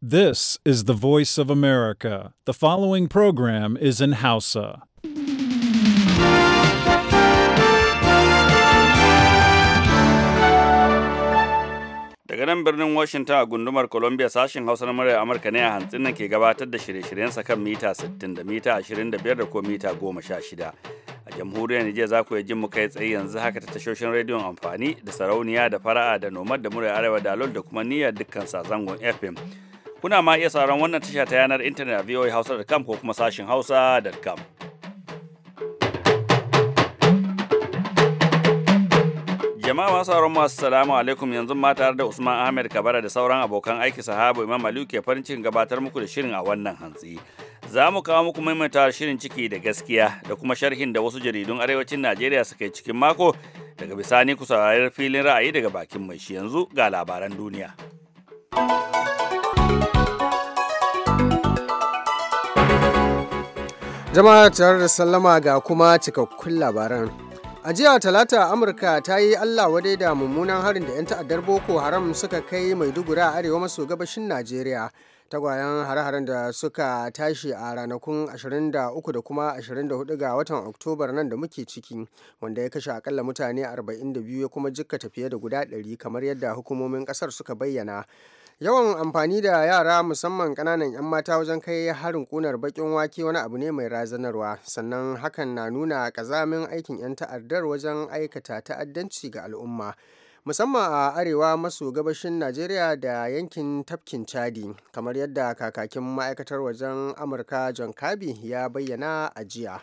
This is the voice of America. The following program is in Hausa. Daga nan birnin Washington a gundumar Columbia sashen Hausa na murya Amurka ne a hantsin nan ke gabatar da shirye-shiryensa kan mita 60 da mita 25 da ko mita 16. A jamhuriyar Nijar za ku jin mu kai tsaye yanzu haka ta tashoshin rediyon amfani da sarauniya da fara'a da nomad da murya arewa da da kuma niyyar dukkan sazangon FM. Kuna ma iya sauran wannan tasha ta yanar intanet a voahausa.com ko kuma sashin hausa.com. Jama'a masu sauran masu salamu alaikum yanzu ma tare da Usman Ahmed Kabara da sauran abokan aiki sahabu Imam Aliyu ke farin cikin gabatar muku da shirin a wannan hantsi. Za mu kawo muku maimaita shirin ciki da gaskiya da kuma sharhin da wasu jaridun arewacin Najeriya suka yi cikin mako daga bisani ku saurari filin ra'ayi daga bakin mai shi yanzu ga labaran duniya. Jama'a tare da sallama ga kuma cikakkun labaran. A jiya Talata Amurka ta yi Allah wadai da mummunan harin da 'yan ta'addar Boko Haram suka kai Maiduguri a arewa maso gabashin Najeriya. Tagwayen hare-haren da suka tashi a ranakun 23 da kuma 24 ga watan Oktobar nan da muke ciki, wanda ya kashe akalla mutane 42 ya kuma jikkata fiye da guda 100 kamar yadda hukumomin ƙasar suka bayyana. yawan amfani da yara musamman kananan 'yan mata wajen kai harin kunar bakin wake wani abu ne mai razanarwa sannan hakan na nuna kazamin aikin 'yan ta'addar wajen aikata ta'addanci ga al'umma musamman a arewa maso gabashin najeriya da yankin tafkin chadi kamar yadda kakakin ma'aikatar wajen amurka john kabi ya bayyana a jiya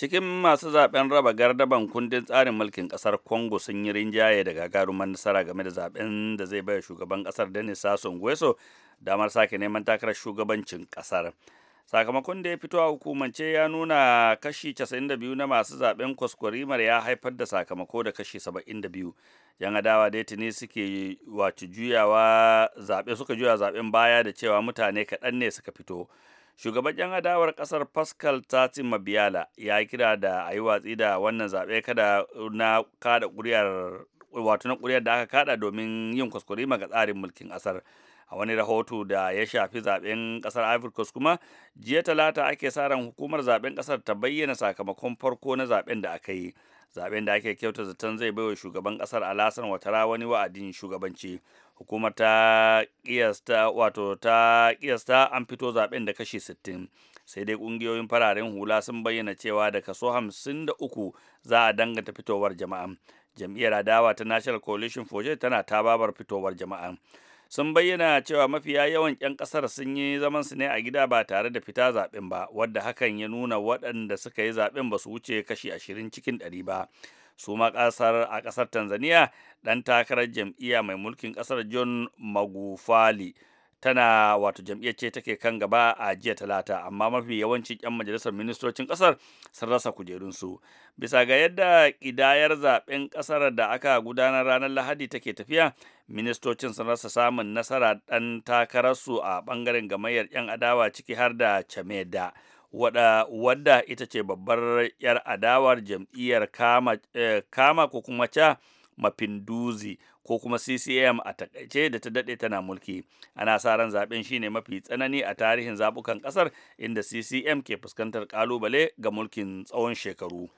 cikin masu zaben raba gardaban kundin tsarin mulkin kasar congo sun yi rinjaye da gagarumar nasara game da zaben da zai bayar shugaban kasar denis sassou nguesso damar sake neman takarar shugabancin kasar sakamakon da ya fito a hukumance ya nuna kashi 92 na masu zaben kwaskwarimar ya haifar da sakamako da kashi 72 yan adawa da tuni suke wato juyawa zaɓe suka juya zaɓen baya da cewa mutane kaɗan ne suka fito shugaban yan adawar kasar pascal tatin mabiyala ya kira da a yi watsi da wannan zaɓe kada na kada wato na ƙuri'ar da aka kada domin yin kuskure maga tsarin mulkin ƙasar a wani rahoto da ya shafi zaɓen kasar Ivory kuma jiya talata ake sa ran hukumar zaɓen kasar ta bayyana sakamakon farko na zaɓen da aka yi zaɓen da ake kyauta zaton zai baiwa shugaban kasar Alasan Watara wani wa'adin shugabanci hukumar ta kiyasta wato ta kiyasta an fito zaben da kashi 60 sai dai kungiyoyin fararen hula sun bayyana cewa da kaso 53 za a danganta fitowar jama'a jam'iyyar adawa ta national coalition for tana ta babar fitowar jama'a sun bayyana cewa mafiya yawan 'yan kasar sun yi zaman su ne a gida ba tare da fita zaben ba wadda hakan ya nuna waɗanda suka yi zaben ba su wuce kashi 20 cikin 100 ba su ma kasar a kasar tanzania dan takarar jam'iyya mai mulkin kasar john magufali tana wato jam'iyyar ce take kan gaba a jiya talata amma mafi yawancin 'yan majalisar ministocin kasar sun rasa kujerunsu bisa ga yadda kidayar zaben kasar da aka gudanar ranar lahadi take tafiya ministocin sun rasa samun nasara dan takararsu a bangaren gamayyar 'yan adawa ciki har da chameda wadda ita ce babbar 'yar adawar jam'iyyar kama, eh, kama ko kuma ca mafinduzi ko kuma CCM a takaice da ta daɗe tana mulki ana sa ran zaben shine mafi tsanani a tarihin zabukan ƙasar inda CCM ke fuskantar kalubale ga mulkin tsawon shekaru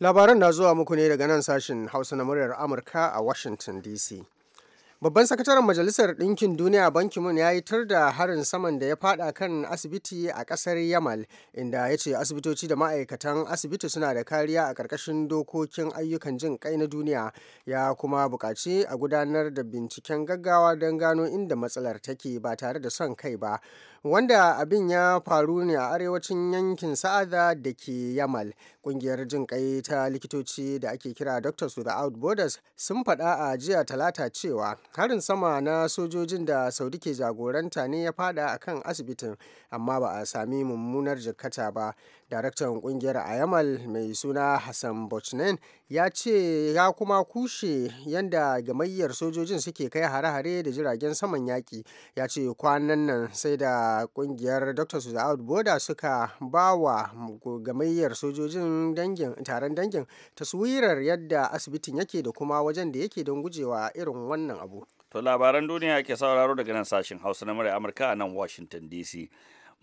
labaran na zuwa muku ne daga nan sashen hausa na muryar amurka a washington dc Babban sakataren Majalisar Ɗinkin Duniya banki Mun ya yi tur da harin saman da ya fada kan asibiti a ƙasar Yamal inda ya ce asibitoci da ma'aikatan asibiti suna da kariya a ƙarƙashin dokokin ayyukan jin kai na duniya ya kuma buƙaci a gudanar da binciken gaggawa don gano inda matsalar take ba tare da son kai ba. wanda abin ya faru ne a arewacin yankin sa'ada da ke yamal kungiyar jin kai ta likitoci da ake kira dr doctors without borders sun faɗa a jiya talata cewa harin sama na sojojin da saudi ke jagoranta ne ya fada a kan asibitin amma ba a sami mummunar jikkata ba daraktan kungiyar ayamal mai suna hassan bochnen ya ce ya kuma kushe yadda gamayyar sojojin suke kai hare-hare da jiragen saman yaƙi ya ce kwanan nan sai da kungiyar dr Suza'ud boda suka ba wa gamayyar sojojin taron dangin taswirar yadda asibitin yake da kuma wajen da yake don gujewa irin wannan abu to labaran duniya ke sauraro daga nan sashen hausa na murai amurka a nan washington dc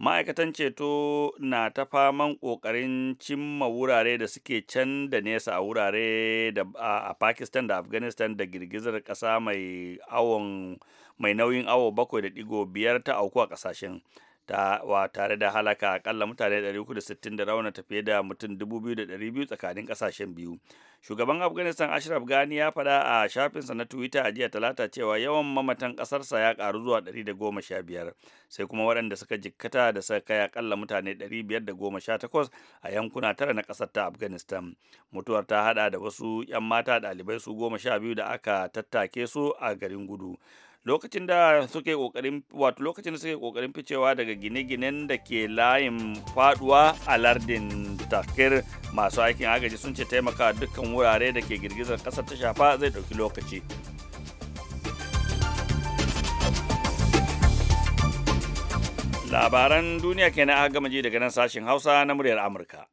ma'aikatan ceto na ta faman ƙoƙarin cimma wurare da suke can da nesa a wurare da a pakistan da afghanistan da girgizar ƙasa mai awon mai nauyin awo bakwai da digo biyar ta auku a ƙasashen ta wa tare da halaka akalla mutane 360 da raunata fiye da mutum 2,200 tsakanin ƙasashen biyu shugaban afghanistan ashraf gani ya fada a shafinsa na twitter a jiya talata cewa yawan mamatan ƙasarsa ya karu zuwa 115 sai kuma waɗanda suka jikkata da suka kai akalla mutane 518 a yankuna tara na ƙasar ta afghanistan mutuwar ta haɗa da wasu 'yan mata ɗalibai su goma da aka tattake su a garin gudu lokacin da suke kokarin wato lokacin da suke kokarin ficewa daga gine-ginen da ke layin faduwa a lardin takir masu aikin agaji sun ce taimaka dukkan wurare da ke girgizar kasar ta shafa zai ɗauki lokaci labaran duniya kenan a gama ji daga nan sashen hausa na muryar amurka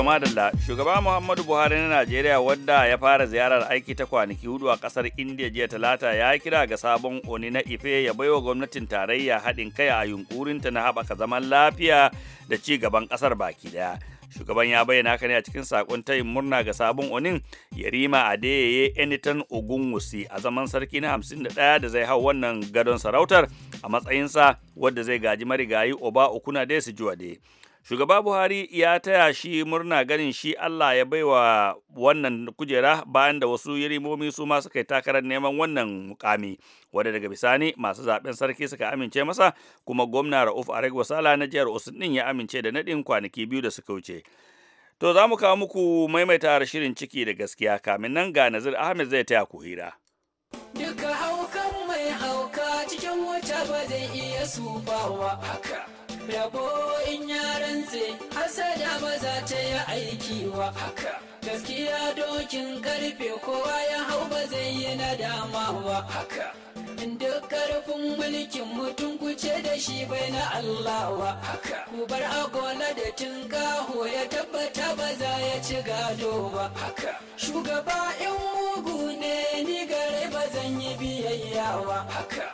shugaban shugaba Muhammadu Buhari na Najeriya wadda ya fara ziyarar aiki ta kwanaki hudu a kasar India jiya talata ya kira ga sabon oni na Ife ya baiwa gwamnatin tarayya haɗin kai a yunkurinta na haɓaka zaman lafiya da ci gaban ƙasar baki ɗaya. Shugaban ya bayyana haka ne a cikin saƙon tayin murna ga sabon onin Yarima Adeyeye Enitan Ogunwusi a zaman sarki na 51 da zai hau wannan gadon sarautar a matsayinsa wadda zai gaji marigayi Oba Okuna Desijuwade. juwade. shugaba buhari ya taya shi murna ganin shi allah ya baiwa wannan kujera bayan da wasu yirimomi su ma suka yi takarar neman wannan mukami wadda daga bisani masu zaben sarki suka amince masa kuma gwamna rauf areg wasala na jihar osun din ya amince da naɗin kwanaki biyu da suka wuce to za mu kawo muku maimaita shirin ciki da gaskiya kamin nan ga nazir ahmed zai taya ku hira duka haukan mai hauka cikin wata ba zai iya su haka rabo in rantse hasada ba za ta yi aiki wa haka gaskiya dokin karfe kowa ya hau ba zai yi na wa haka duk karfin mulkin mutum ku ce da shi bai na Allah wa haka ku bar agola da tinkaho ya tabbata ba za ya ci gado ba haka shugaba in mugu ne ni gare ba zan yi biyayya wa haka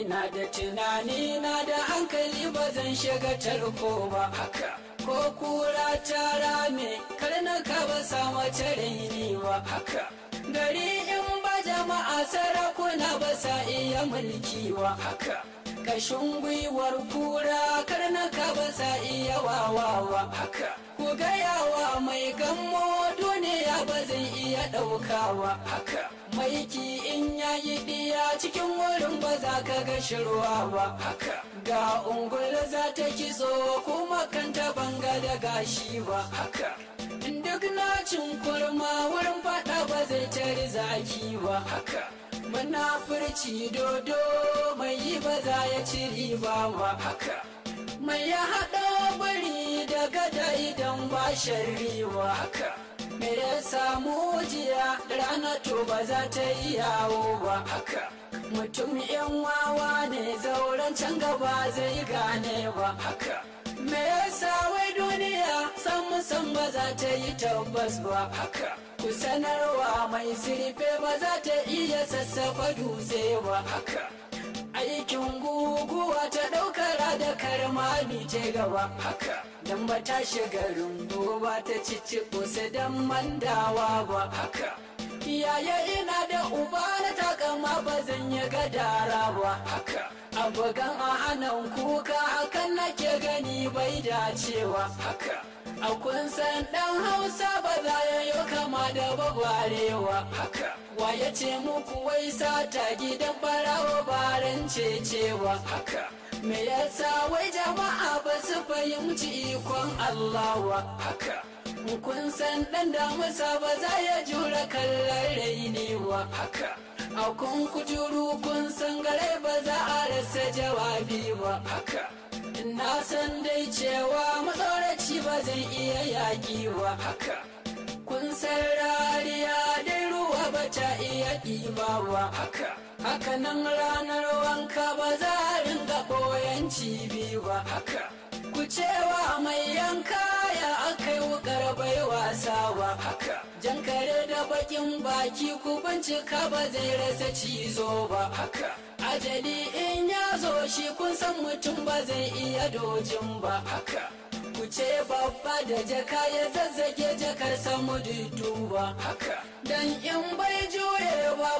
ina da tunani na da hankali ba zan shiga tarko ba haka ko kura ta rame karnaka ba samu raini ba haka gari in ba jama'a sarakuna ba sa iya mulki ba haka kashin gwiwar kura karnaka ba sa iya wawa wa, haka ku gayawa mai gammo duniya ba zan iya ɗaukawa haka maiki in yayi diya cikin wurin ba za ka ga shirwa ba ga ungul za ta kitso kuma kanta banga da gashi ba duk na cin kurma wurin fada ba zai tare zaki ba furci dodo mai yi ba za ya ci riba ba mai ya haɗa bari daga da idan ba shari'a me ya samu jiya rana to ba za ta yi yawo ba haka mutum yan wawa ne zauren can gaba zai gane ba haka me yasa wai duniya san musan ba za ta yi tabbas ba haka ku sanarwa mai sirfe ba za ta iya sassafa dutse ba haka aikin guguwa ta ɗaukar da karmami ce gaba haka dan ba ta shiga rumbu ba ta cici kusa dan mandawa ba haka yaya ina da uba na takama ba zan yi gadara ba haka abokan a hannun kuka hakan nake gani bai dacewa haka a kun san dan hausa ba za ya yi kama da bagwarewa haka wa ya ce muku wai sata gidan barawa ba amince cewa haka me yasa wai jama'a ba su fahimci ikon Allah wa haka kun san dan musa ba za ya jura kallon raini wa haka a kun kujuru kun san gare ba za a rasa jawabi ba haka na san dai cewa matsoraci ba zai iya yaƙi wa haka kun san rariya dai ruwa ba ta iya wa haka hakanan ranar wanka ba za a ringa koyan cibi ba haka ku cewa mai yanka ya aka yi wukar bai wasa ba haka jan kare da bakin baki ku bincika ba zai rasa cizo ba haka ajali in ya zo shi kun san mutum ba zai iya dojin ba haka ku ce babba da jaka ya zazzage jakar samu duduwa haka dan in bai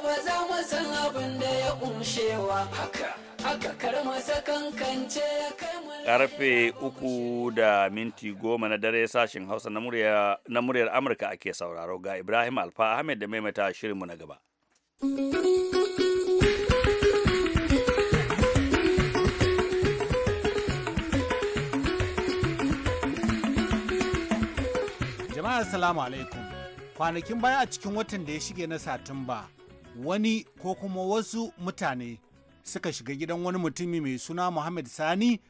ba za mu san abin da ya kumshewa haka haka ya karfe uku da minti goma na dare sashen hausa na muryar amurka ake sauraro ga ibrahim alfa ahmed da maimaita shirinmu na gaba jama'a assalamu alaikum kwanakin baya a cikin watan da ya shige na satumba wani ko kuma wasu mutane suka shiga gidan wani mutumi mai suna Muhammad Sani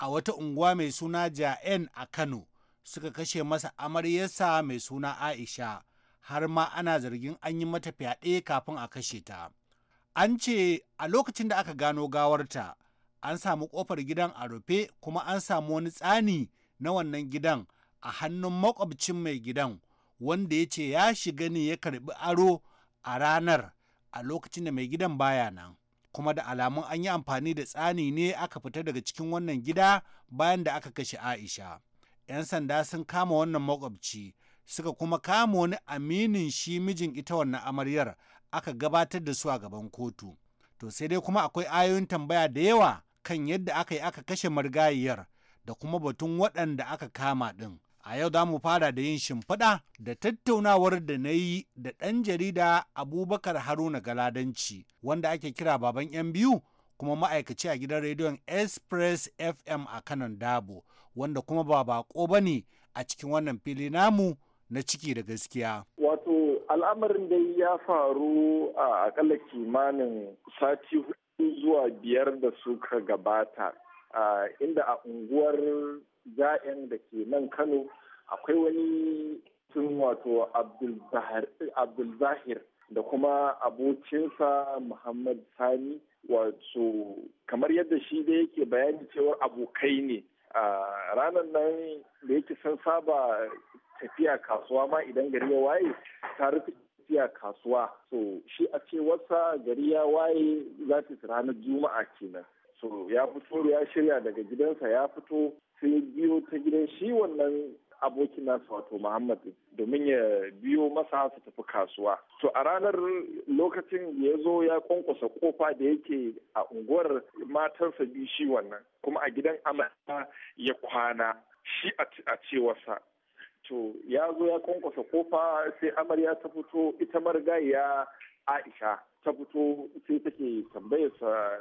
a wata unguwa mai suna Ja'en a Kano suka kashe masa amaryarsa mai suna Aisha har ma ana zargin an yi mata fyaɗe kafin a kashe ta. An ce a lokacin da aka gano gawarta an samu ƙofar gidan a rufe kuma an samu wani tsani na wannan gidan a hannun makwabcin mai gidan wanda ya ce ya shiga ne ya karbi aro a ranar a lokacin da mai gidan baya nan kuma da alamun an yi amfani da tsani ne aka fita daga cikin wannan gida bayan da aka kashe aisha 'yan sanda sun kama wannan makwabci suka kuma kama wani aminin shi mijin ita wannan amaryar aka gabatar da su a gaban kotu to sai dai kuma akwai ayoyin tambaya da yawa kan yadda aka yi aka kashe marigayiyar da kuma batun waɗanda aka kama ɗin A yau za mu fara da yin shimfiɗa da tattaunawar da na yi da ɗan jarida Abubakar Haruna Galadanci, wanda ake kira baban 'yan biyu kuma ma'aikaci a gidan rediyon Express FM a kanan Dabo, wanda kuma ba bako ba ne a cikin wannan fili namu na ciki da gaskiya. Wato al'amarin dai ya faru a akalla kimanin sati hudu zuwa biyar da suka gabata, inda a unguwar ja'in da ke nan kano akwai wani tun wato abdulzahir da kuma abokinsa muhammad sani wato kamar yadda shi da yake bayani cewar abokai ne a ranar nan da yake san saba tafiya kasuwa ma idan gari ya waye ta rufe tafiya kasuwa so shi a cewarsa gari ya waye za ta ranar juma'a kenan so ya fito ya shirya daga gidansa ya fito sai ya biyo ta gidan shi wannan abokin nasa wato Muhammad domin ya biyo masa su tafi kasuwa. To a ranar lokacin da ya zo ya kwankwasa kofa da yake a unguwar matarsa bi shi wannan kuma a gidan amata ya kwana shi a cewarsa. To ya zo ya kwankwasa kofa sai amarya ta fito ita marigayya Aisha ta fito sai take tambayarsa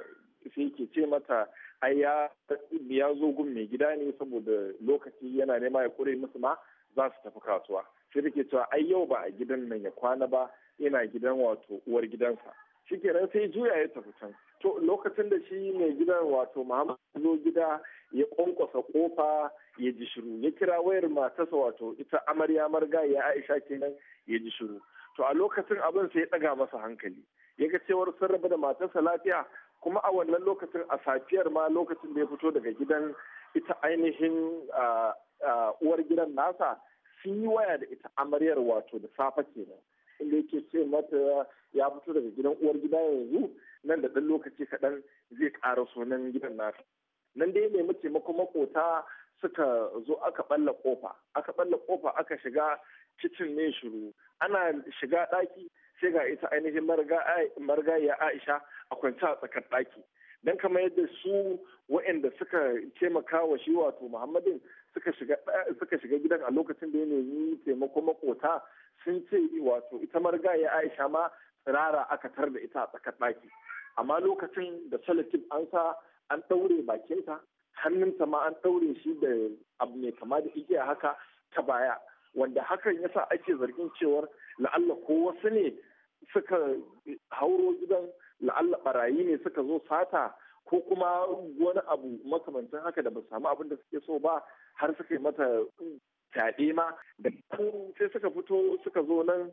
sai ke ce mata ai ya zo gun mai gida ne saboda lokaci yana nema ya kure musu ma za su tafi kasuwa sai take cewa ai yau ba a gidan nan ya kwana ba yana gidan wato uwar gidansa shikenan sai juya ya tafi can to lokacin da shi mai gidan wato Muhammad zo gida ya kwankwasa kofa ya ji shiru ya kira wayar matarsa wato ita amarya marga ya Aisha kenan ya ji shiru to a lokacin abin sai ya daga masa hankali ya ga cewar sun rabu da matarsa lafiya kuma a wannan lokacin a safiyar ma lokacin da ya fito daga gidan ita ainihin uwar gidan nasa sun yi waya da ita amaryar wato da safa kenan inda yake ce mata ya fito daga gidan uwar gida yanzu nan da ɗan lokaci kaɗan zai ƙara sunan gidan nasa nan dai nemi taimakon makota suka zo aka ɓalla ƙofa aka ɓalla ƙofa aka shiga kicin ne shiru ana shiga ɗaki sai ga ita ainihin marigayya aisha a kwance a tsakar ɗaki don kamar yadda su waɗanda suka taimaka wa shi wato muhammadin suka shiga eh, gidan a lokacin da ya nemi taimako makota sun ce wato ita marigayya aisha ma tsirara aka tar da ita a tsakar ɗaki amma lokacin da talatin an sa an ɗaure bakinta hannunta ma an ɗaure shi da abu mai kama da igiya haka ta baya wanda hakan yasa ake zargin cewar la'alla ko wasu ne suka hauro gidan la'alla barayi ne suka zo sata ko kuma wani abu makamancin haka da ba samu abin da suke so ba har suka yi mata fyaɗe ma da sai suka fito suka zo nan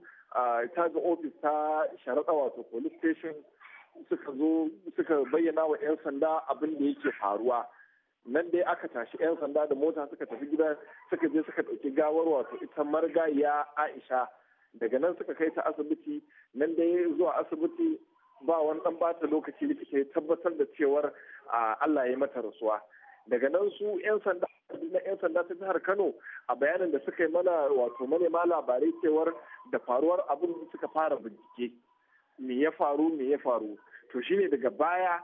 ta ga ofis ta sharaɗa wato police station suka zo suka bayyana wa 'yan sanda abin da yake faruwa nan dai aka tashi 'yan sanda da mota suka tafi gidan suka je suka ɗauki gawar wato ita marigayya aisha daga nan suka kai ta asibiti nan dai zuwa asibiti ba wani dan bata lokaci likita ya tabbatar da cewar Allah ya mata rasuwa daga nan su 'yan sanda na 'yan sanda ta jihar Kano a bayanin da suka yi mana wato manema labarai cewar da faruwar abin suka fara bincike me ya faru me ya faru to shine daga baya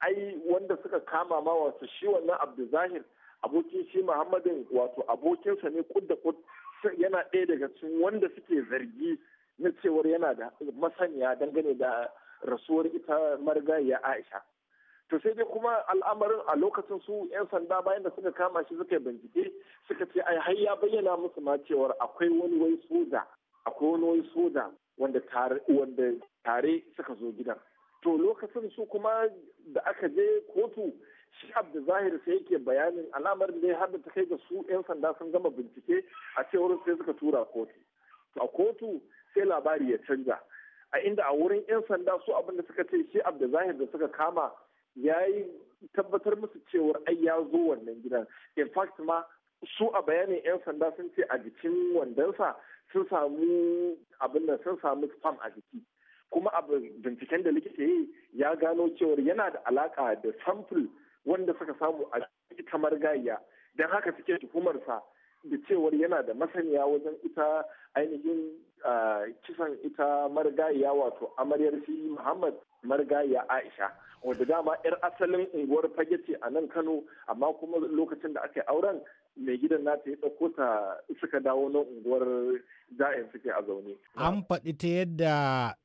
ai wanda suka kama ma wato shi wannan Abdulzahir abokin shi Muhammadin wato abokinsa ne kud da kud yana ɗaya daga cikin wanda suke zargi na cewar yana da masaniya dangane da rasuwar ita marigayiya aisha to sai dai kuma al'amarin a lokacin su 'yan sanda bayan da suka kama shi suka bincike suka ce ai har ya bayyana musu ma cewar akwai wani wai soja akwai wani wai soja wanda tare wanda tare suka zo gidan to lokacin su kuma da aka je kotu shi abdu zahir sai yake bayanin alamar da ya da ta kai ga su 'yan sanda sun gama bincike a cewar sai suka tura kotu a kotu sai labari ya canza, a inda a wurin 'yan sanda su abin da suka ce shi abdu zahir da suka kama ya yi tabbatar musu cewar ai ya zo wannan gidan in fact ma su a bayanin 'yan sanda sun ce a jikin wandonsa sun samu abin da sun samu spam a jiki kuma abu binciken da likita yi ya gano cewar yana da alaka da sample wanda suka samu a kamar gayya don haka suke tuhumarsa da cewar yana da masaniya wajen ita ainihin kisan ita marigayya wato amaryar shi muhammad Marigayya aisha wadda dama 'yar asalin unguwar fage ce a nan kano amma kuma lokacin da aka yi auren mai gidan nata ya ɗauko ta suka dawo na unguwar ja'in suke a zaune. An faɗi ta yadda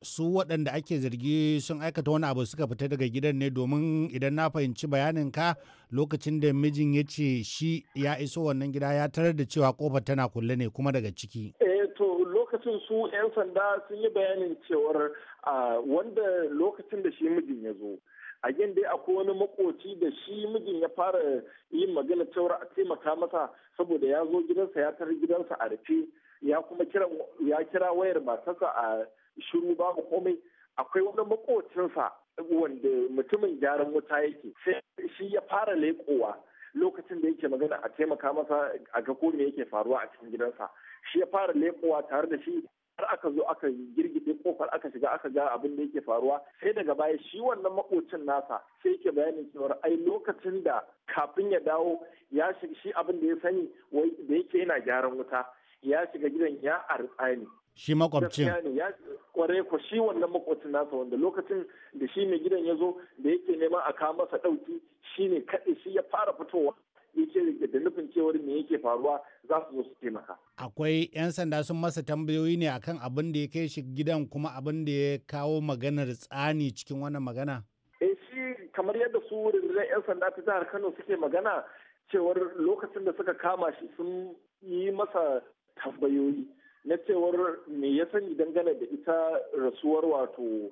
su waɗanda ake zargi sun aikata wani abu suka fita daga gidan ne domin idan na fahimci bayanin ka lokacin da mijin ya ce shi ya iso wannan gida ya tarar da cewa kofar tana kulle ne kuma daga ciki. Eh to lokacin su 'yan sanda sun yi bayanin cewar ah, wanda lokacin da shi mijin ya zo. a yin dai akwai wani makoci da shi mijin ya fara yin magana cewar a taimaka masa saboda ya zo gidansa ya tar gidansa a rufe ya kuma kira ya kira wayar matarsa a shiru babu komai akwai wani makocinsa wanda mutumin gyaran wuta yake sai shi ya fara leƙowa lokacin da yake magana a taimaka masa a ga ko me yake faruwa a cikin gidansa shi ya fara leƙowa tare da shi har aka zo aka girgide kofar aka shiga aka ga abin da yake faruwa sai daga baya shi wannan makocin nasa sai yake bayanin cewa ai lokacin da kafin ya dawo ya shi abin da ya sani wai da yake yana gyaran wuta ya shiga gidan ya arsa ne shi makwabcin ya kware ko shi wannan makwabcin nasa wanda lokacin da shi mai gidan ya zo da yake neman a kawo masa dauki shine kaɗai shi ya fara fitowa ce da nufin cewar me yake faruwa za su zo su taimaka. Akwai 'yan sanda sun masa tambayoyi ne akan abin da ya kai shi gidan kuma abin da ya kawo maganar tsani cikin wannan magana? Eh shi kamar yadda su rundunar 'yan sanda ta jihar Kano suke magana cewar lokacin da suka kama shi sun yi masa tambayoyi na cewar me ya sani dangane da ita rasuwar wato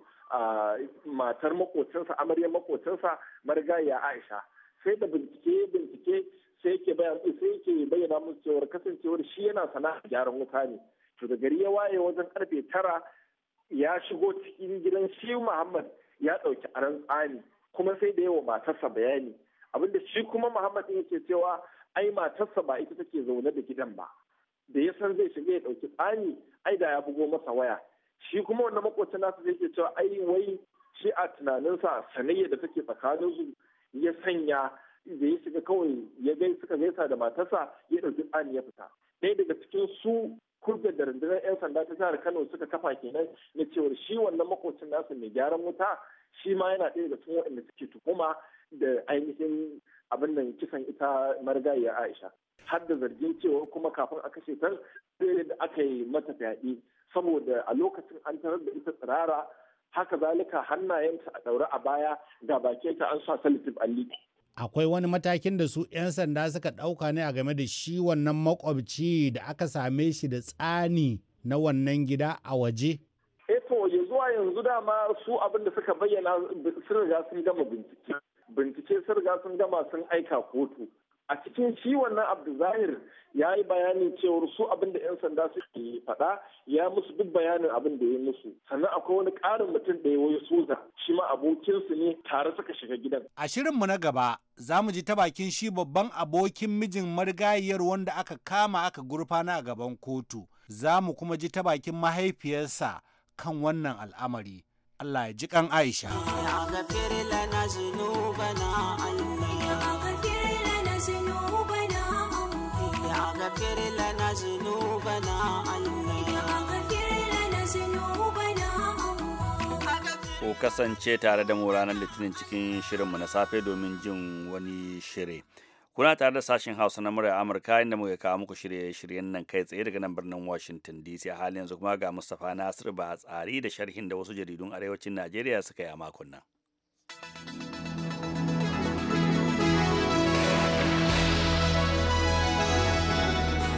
matar makocinsa amaryar makocinsa marigayya Aisha. sai da bincike bincike sai ke bayyana musu cewar kasancewar shi yana sana'a gyaran wuta ne to da gari ya waye wajen karfe tara ya shigo cikin gidan shi muhammad ya ɗauki aran tsani kuma sai da yawa matarsa bayani abinda shi kuma muhammad ɗin yake cewa ai matarsa ba ita take zaune da gidan ba da ya san zai shiga ya ɗauki tsani ai da ya bugo masa waya shi kuma wanda makwacin nasa zai ke cewa ai wai shi a tunaninsa sanayya da take tsakanin su. ya sanya da ya shiga kawai ya gai suka gaisa da matarsa ya ɗauki tsani ya fita ɗaya daga cikin su kurda da rundunar 'yan sanda ta jihar kano suka kafa kenan na cewar shi wannan makocin nasu mai gyaran wuta shi ma yana ɗaya daga cikin waɗanda suke tuhuma da ainihin abin nan kisan ita marigayiya aisha har da zargin cewa kuma kafin a kashe ta sai da aka yi mata fyaɗe saboda a lokacin an tarar da ita tsirara haka zalika hannayenta a ɗaure a baya ga bakinta an sa salitif alli. Akwai wani matakin da su 'yan sanda suka ɗauka ne a game da shi wannan makwabci da aka same shi da tsani na wannan gida a waje? Eto eh ya zuwa yanzu dama su abin da suka bayyana sun riga sun gama bincike. Bincike sun riga sun gama sun aika kotu. a cikin shi wannan abdulzahir ya yi bayanin cewar su abin da 'yan sanda suke faɗa ya musu duk bayanin abin da ya musu sannan akwai wani ƙarin mutum da ya wayo soja shi ma abokinsu ne tare suka shiga gidan a shirinmu na gaba za mu ji ta bakin shi babban abokin mijin marigayiyar wanda aka kama aka gurfana a gaban kotu za mu kuma ji ta bakin mahaifiyarsa kan wannan al'amari Allah ya ji kan Aisha. Ku kasance tare da mu ranar Litinin cikin shirinmu na safe domin jin wani shiri. Kuna tare da sashen Hausa na murya Amurka inda muka kawo muku shirye-shiryen nan kai tsaye daga nan birnin Washington DC a halin yanzu kuma ga Mustapha Nasir ba tsari da sharhin da wasu jaridun arewacin Najeriya suka yi a makon nan.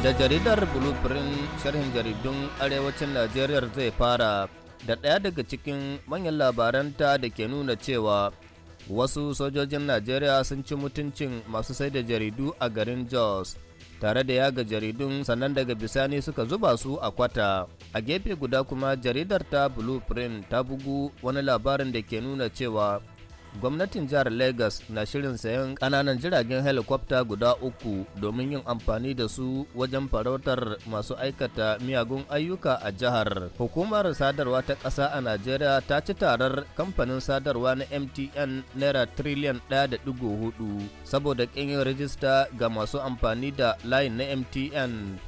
da jaridar blueprint sharhin jaridun arewacin najeriya zai fara da ɗaya daga cikin manyan labaranta da ke nuna cewa wasu sojojin najeriya sun ci mutuncin masu sai da jaridu a garin jos tare da yaga jaridun sannan daga bisani suka zuba su a kwata a gefe guda kuma jaridar ta blueprint ta bugu wani labarin da ke nuna cewa gwamnatin jihar Lagos na shirin sayan ƙananan jiragen helikwafta guda uku domin yin amfani da su wajen farautar masu aikata miyagun ayyuka a jihar. Hukumar sadarwa ta ƙasa a Najeriya ta ci tarar kamfanin sadarwa na MTN naira triliyan 1.4, saboda ƙin yin rijista ga masu amfani da layin na MTN.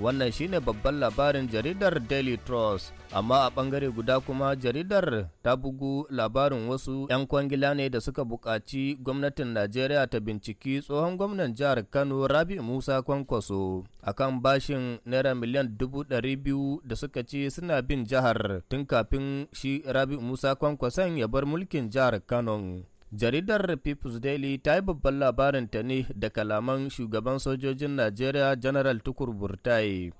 wannan shine babban labarin jaridar daily trust amma a bangare guda kuma jaridar ta bugu labarin wasu 'yan kwangila ne da suka buƙaci gwamnatin najeriya ta binciki tsohon gwamnan jihar kano rabi musa kwankwaso akan bashin naira miliyan dubu ɗari biyu da suka ce suna bin jihar tun kafin shi rabi musa kwankwason ya bar mulkin jihar kano Jaridar People's Daily ta yi babban labarin ta ne da kalaman shugaban sojojin Najeriya General Tukur Burtai,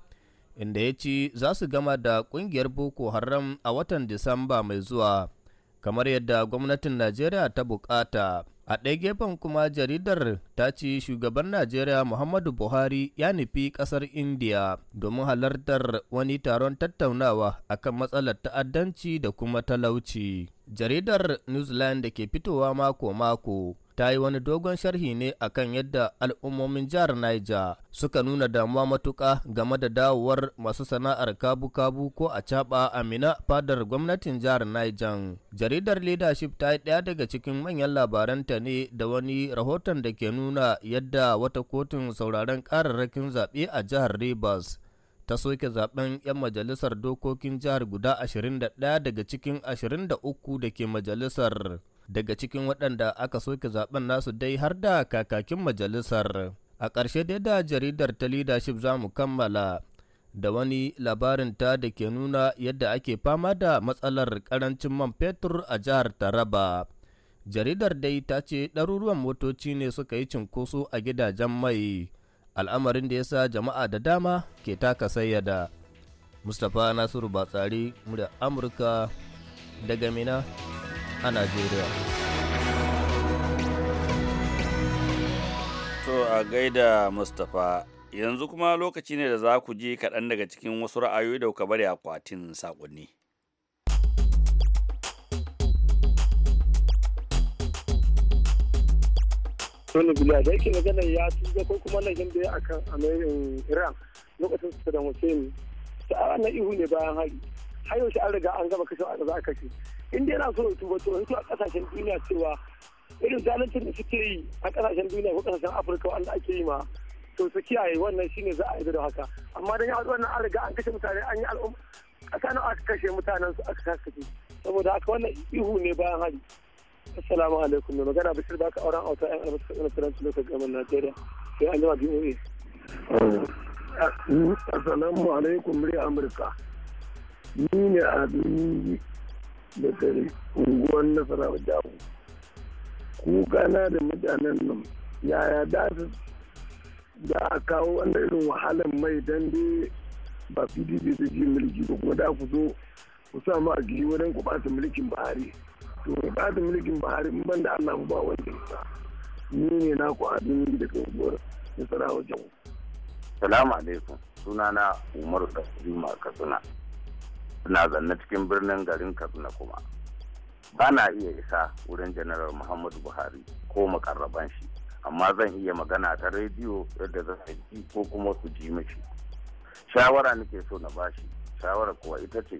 inda ya ci za su gama da ƙungiyar Boko Haram a watan Disamba mai zuwa, kamar yadda gwamnatin Najeriya ta bukata. A ɗaya gefen kuma jaridar ta ce shugaban Najeriya Muhammadu Buhari ya nufi ƙasar India domin halartar wani taron tattaunawa akan matsalar ta'addanci da kuma talauci. Jaridar Zealand da ke fitowa mako-mako ta yi wani dogon sharhi ne akan yadda al'ummomin jihar Niger suka nuna damuwa matuƙa game da dawowar masu sana'ar kabu-kabu ko a caɓa a fadar gwamnatin jihar Niger. Jaridar Leadership ta yi ɗaya daga cikin manyan labaranta ne da wani rahoton da ke nuna yadda wata kotun sauraron ƙararrakin zaɓe a jihar Rivers ta soke zaben 'yan majalisar dokokin jihar guda 21 daga cikin 23 da ke majalisar daga cikin waɗanda aka soke zaben nasu dai har da kakakin majalisar a ƙarshe dai da jaridar ta leadership za mu kammala da wani labarin ta da ke nuna yadda ake fama da matsalar karancin man fetur a jihar Taraba. Jaridar dai ta ce ɗaruruwan motoci ne suka yi cinkoso a gidajen mai al'amarin da ya sa jama'a da dama ke taka da mustapha nasiru batsari murya amurka daga mina a najeriya to a gaida mustapha yanzu kuma lokaci ne da za ku ji kaɗan daga cikin wasu ra'ayoyi da kuka bari akwatin saƙonni. Sani Biliya da yake magana ya tuba ko kuma na da ya akan American Iran lokacin su da Hussein. Sa'ara na ihu ne bayan hari. Har yau an riga an gama kashe a za a kashe. In dai yana so ya tuba to a kasashen duniya cewa irin zalunci da suke yi a kasashen duniya ko kasashen Afirka wanda ake yi ma to su kiyaye wannan shine za a yi da haka amma dan ya wannan an riga an kashe mutane an yi al'umma a aka kashe mutanen su aka kashe saboda haka wannan ihu ne bayan hari Assalamu alaikum. Magana Bashir baka auren auta ƴan almasaranci lokacin gaban Najeriya. Sai an jima BOA. Eh, Assalamu alaikum murya Amurka. Ni ne a duniyi da gari unguwar nasara da jawo. Kuka na da mutanen nan yaya da su da a kawo wanda irin wahalar mai dan dai ba PDP zai ji mulki ba kuma da ku zo ku sa ma a gili wajen ku ɓata mulkin Buhari. to ba da mulkin buhari in ban da allah ba wanda ya ni ne na ku abin da daga gora da tsara wajen salamu alaikum sunana Umar da juma katsina na zanne cikin birnin garin katsina kuma ba na iya isa wurin janaral muhammadu buhari ko makarraban shi amma zan iya magana ta rediyo yadda za a ji ko kuma su ji mashi shawara nake so na bashi shawara kuwa ita ce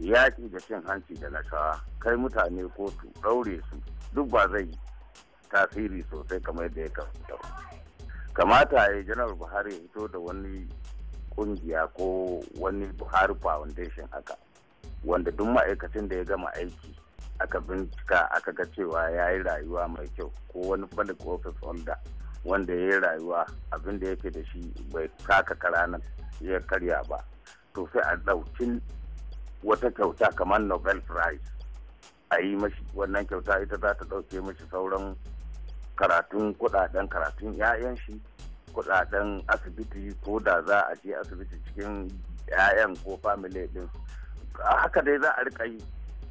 yaƙi da cin hanci da nasawa kai mutane kotu ɗaure su duk ba zai tasiri sosai kamar yadda ya kamata kamata ya janar buhari ya fito da wani ƙungiya ko wani buhari foundation haka wanda duk ma'aikacin da ya gama aiki aka bincika aka ga cewa ya yi rayuwa mai kyau ko wani public office holder wanda ya yi rayuwa abin da yake da shi bai kaka karanan ya karya ba to sai a ɗaukin wata kyauta kamar Novel prize a yi mashi wannan kyauta ita za ta ɗauke mashi sauran karatun kudaden karatun 'ya'yan shi kudaden asibiti ko da za a je asibiti cikin 'ya'yan ko family din haka dai za a rika yi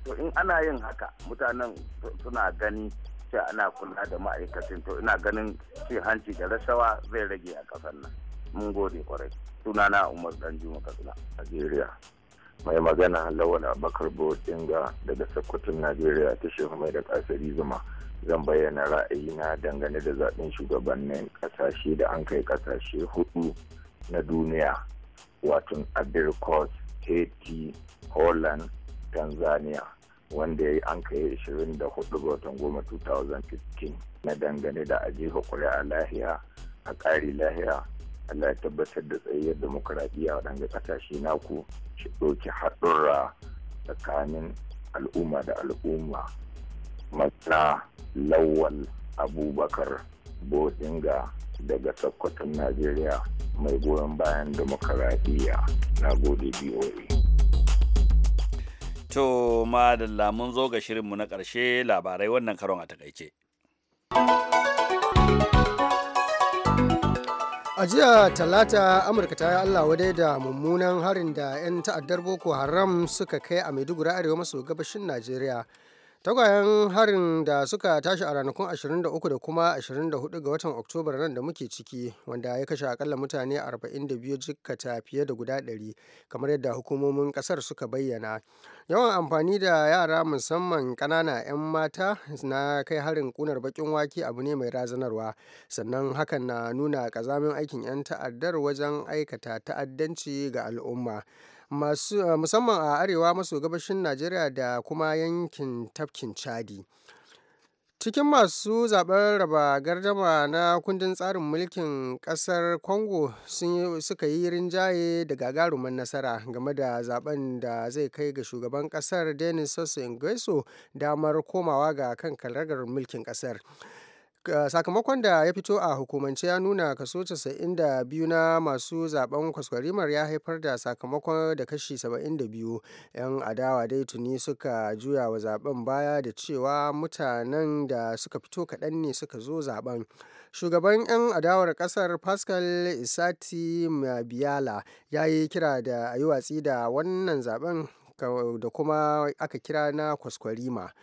to in ana yin haka mutanen suna gani ce ana kula da ma'aikacin to ina ganin cin hanci da rashawa zai rage a ƙasar nan mun gode kwarai sunana umar danjuma katsina najeriya mai magana lawal abakar dinga daga sokoton najeriya ta shehu mai da kasari zuma zan bayyana ra'ayi na dangane da zaɓen shugabannin ƙasashe da an kai ƙasashe hudu na duniya watan abirkos haiti holland tanzania wanda ya yi an kai 24 watan goma 2015 na dangane da ajiha kuri'a lahiya a ƙari lahiya Allah ya tabbatar da tsayayyar demokuraɗiyya waɗanda ƙasashe naku shi ɗauki haɗurra tsakanin al'umma da al'umma masa lawal abubakar bodinga daga sokoton najeriya mai goyon bayan demokuraɗiyya na gode boa to madalla mun zo ga shirinmu na ƙarshe labarai wannan karon a takaice. a jiya talata amurka ta yi allah wadai da mummunan harin da 'yan ta'addar boko haram suka kai a maiduguri arewa maso gabashin najeriya Tagwayen harin da suka tashi a ranakun 23 da kuma 24 ga watan Oktobar nan da muke ciki, wanda ya kashe akalla mutane 42 jikata fiye da guda 100, kamar yadda hukumomin kasar suka bayyana. Yawan amfani da yara musamman kanana 'yan mata na kai harin kunar bakin wake abu ne mai razanarwa, sannan hakan na nuna ƙazamin aikin 'yan ta'addar wajen aikata ta'addanci ga al'umma. Eh, musamman a arewa maso gabashin Najeriya da kuma yankin tafkin Chadi. Cikin masu zaben raba gardama na kundin tsarin mulkin kasar Congo suka yi rinjaye da gagarumin nasara game da zaben da zai kai ga shugaban kasar Denis Sassou Nguesso damar komawa ga kan karagar mulkin kasar. sakamakon da ya fito a hukumance ya nuna kaso 92 na masu zaben kwaskwarimar ya haifar da sakamakon da kashi 72 'yan adawa dai tuni suka juya wa zaben baya da cewa mutanen da suka fito kaɗan ne suka zo zaben shugaban 'yan adawar kasar pascal isati mabiyala ya yi kira da a yi watsi da wannan zaben da kuma aka kira na kwaskwarima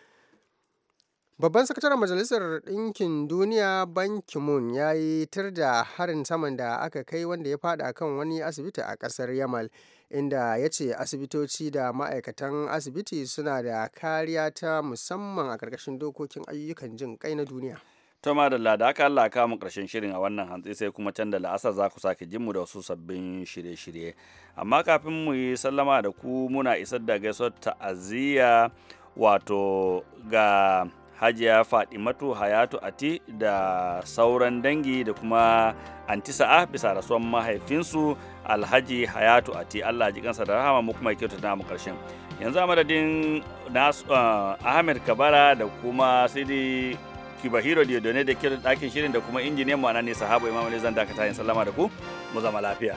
Babban sakataren Majalisar Ɗinkin Duniya Ban Ki-moon ya yi tir da harin saman da aka kai wanda ya fada kan wani asibiti a ƙasar Yamal, inda ya ce asibitoci da ma'aikatan asibiti suna da kariya ta musamman a ƙarƙashin dokokin ayyukan jin ƙai na duniya. Toma da da aka Allah kawo mu karshen shirin a wannan hantsi sai kuma can da la'asar za ku sake jin mu da wasu sabbin shirye-shirye. Amma kafin mu yi sallama da ku muna isar da gaisuwar ta'aziyya wato ga hajiya fadimatu hayatu ati da sauran dangi da kuma antisa'a bisa rasuwan mahaifinsu alhaji hayatu ati allah ji kansa da rahama mu kuma kyautata mu karshen yanzu a madadin eh, ahmed kabara da kuma sidi kibahiro ne da kiran ɗakin shirin da kuma injiniyan mu ne sahabo imam zan dakata yin sallama da ku mu zama lafiya